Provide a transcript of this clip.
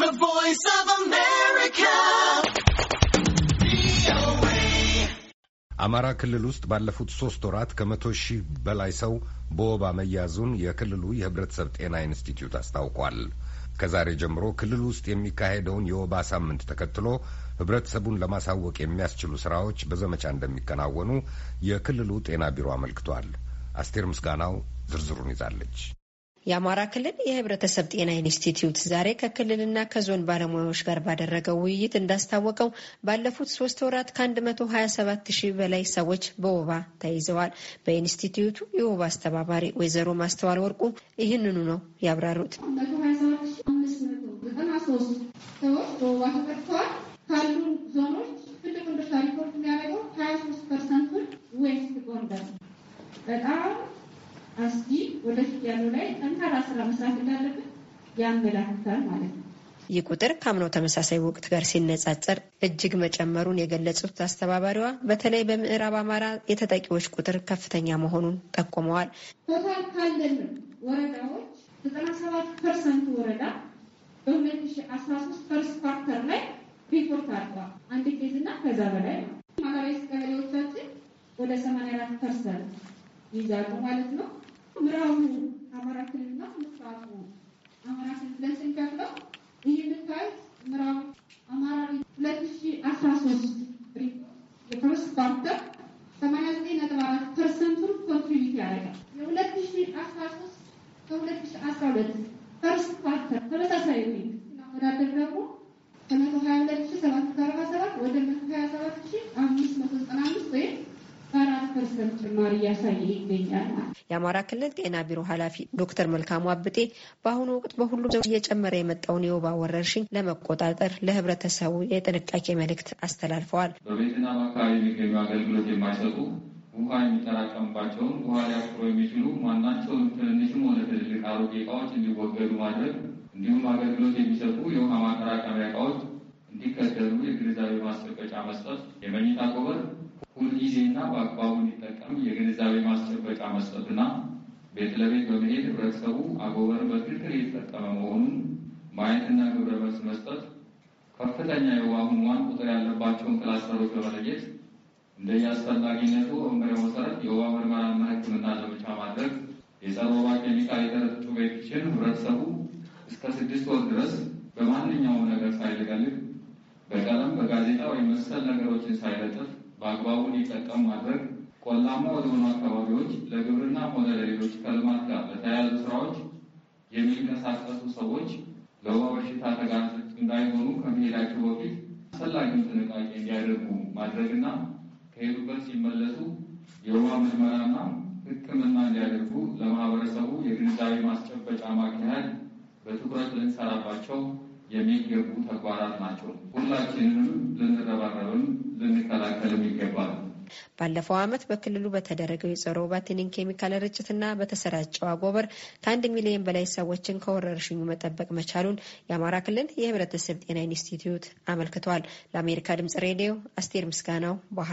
The Voice of America. አማራ ክልል ውስጥ ባለፉት ሶስት ወራት ከመቶ ሺህ በላይ ሰው በወባ መያዙን የክልሉ የሕብረተሰብ ጤና ኢንስቲትዩት አስታውቋል። ከዛሬ ጀምሮ ክልል ውስጥ የሚካሄደውን የወባ ሳምንት ተከትሎ ሕብረተሰቡን ለማሳወቅ የሚያስችሉ ስራዎች በዘመቻ እንደሚከናወኑ የክልሉ ጤና ቢሮ አመልክቷል። አስቴር ምስጋናው ዝርዝሩን ይዛለች። የአማራ ክልል የህብረተሰብ ጤና ኢንስቲትዩት ዛሬ ከክልልና ከዞን ባለሙያዎች ጋር ባደረገው ውይይት እንዳስታወቀው ባለፉት ሶስት ወራት ከ127 ሺህ በላይ ሰዎች በወባ ተይዘዋል። በኢንስቲትዩቱ የወባ አስተባባሪ ወይዘሮ ማስተዋል ወርቁ ይህንኑ ነው ያብራሩት። ሰዎች በወባ ካሉ ዞኖች ድርሻ ሪፖርት የሚያደርገው ሀያ ሶስት ፐርሰንቱን ዌስት ጎንደር በጣም አስጊ ወደፊት ያለው ላይ ጠንካራ ስራ መስራት እንዳለብን ያመላክታል ማለት ነው። ይህ ቁጥር ከአምናው ተመሳሳይ ወቅት ጋር ሲነጻጸር እጅግ መጨመሩን የገለጹት አስተባባሪዋ በተለይ በምዕራብ አማራ የተጠቂዎች ቁጥር ከፍተኛ መሆኑን ጠቁመዋል። ቶታል ካለን ወረዳዎች ዘጠና ሰባት ፐርሰንት ወረዳ በሁለት ሺ አስራ ሶስት ፈርስት ኳርተር ላይ ሪፖርት አድርጓል። አንድ ኬዝ እና ከዛ በላይ ነው። ማህበራዊ ቀበሌዎቻችን ወደ ሰማንያ አራት ፐርሰንት ይዛሉ ማለት ነው። ምዕራቡ አማራ ክልልና ምስራቁ አማራ ክልል ብለን ስንከፍለው ይህ የምታዩት ምዕራቡ አማራ ሁለት ሺ አስራ ሶስት የፈርስት ኳርተር ሰማንያ ዘጠኝ ነጥብ አራት ፐርሰንቱን ኮንትሪቢዩት ያደርጋል። የሁለት ሺ አስራ ሶስት ከሁለት ሺ አስራ ሁለት ፈርስት ኳርተር ተመሳሳይ ወዳደር ደግሞ ከመቶ ሀያ ሁለት ሺ ሰባት ይገኛል። የአማራ ክልል ጤና ቢሮ ኃላፊ ዶክተር መልካሙ አብጤ በአሁኑ ወቅት በሁሉም ዘው እየጨመረ የመጣውን የወባ ወረርሽኝ ለመቆጣጠር ለህብረተሰቡ የጥንቃቄ መልእክት አስተላልፈዋል። በቤትና በአካባቢ የሚገኙ አገልግሎት የማይሰጡ ውሃ የሚጠራቀምባቸውን ውሃ ሊያፍሩ የሚችሉ ማናቸውም ትንንሽም ሆነ ትልልቅ አሮጌ እቃዎች እንዲወገዱ ማድረግ እንዲሁም አገልግሎት የሚሰጡ የውሃ ማጠራቀሚያ እቃዎች እንዲከተሉ የግንዛቤ ማስጠቀጫ መስጠት የመኝታ በአግባቡ እንዲጠቀም የግንዛቤ ማስጨበጫ መስጠትና ቤት ለቤት በመሄድ ህብረተሰቡ አጎበር በትክክል እየተጠቀመ መሆኑን ማየትና ግብረ መልስ መስጠት፣ ከፍተኛ የወባ ሕሙማን ቁጥር ያለባቸውን ክላስተሮች በመለየት እንደየአስፈላጊነቱ በመመሪያው መሰረት የወባ ምርመራና ሕክምና ዘመቻ ማድረግ፣ የጸረ ወባ ኬሚካል የተረጩ ቤቶችን ህብረተሰቡ እስከ ስድስት ወር ድረስ በማንኛውም ነገር ሳይለቀልቅ በቀለም በጋዜጣ ወይም መሰል ነገሮችን ሳይለጥፍ በአግባቡ እንዲጠቀሙ ማድረግ፣ ቆላማ ወደሆኑ አካባቢዎች ለግብርና ሆነ ለሌሎች ከልማት ጋር በተያያዙ ስራዎች የሚንቀሳቀሱ ሰዎች ለወባ በሽታ ተጋላጭ እንዳይሆኑ ከመሄዳቸው በፊት አስፈላጊውን ጥንቃቄ እንዲያደርጉ ማድረግና ከሄዱበት ሲመለሱ የወባ ምርመራና ሕክምና እንዲያደርጉ ለማህበረሰቡ የግንዛቤ ማስጨበጫ ማካሄድ በትኩረት ልንሰራባቸው የሚገቡ ተግባራት ናቸው። ሁላችንንም ልንረባረብም ልንከላከልም ይገባል። ባለፈው ዓመት በክልሉ በተደረገው የጸረ ባቴኒን ኬሚካል ርጭትና በተሰራጨው አጎበር ከአንድ ሚሊዮን በላይ ሰዎችን ከወረርሽኙ መጠበቅ መቻሉን የአማራ ክልል የሕብረተሰብ ጤና ኢንስቲትዩት አመልክቷል። ለአሜሪካ ድምጽ ሬዲዮ አስቴር ምስጋናው ባህር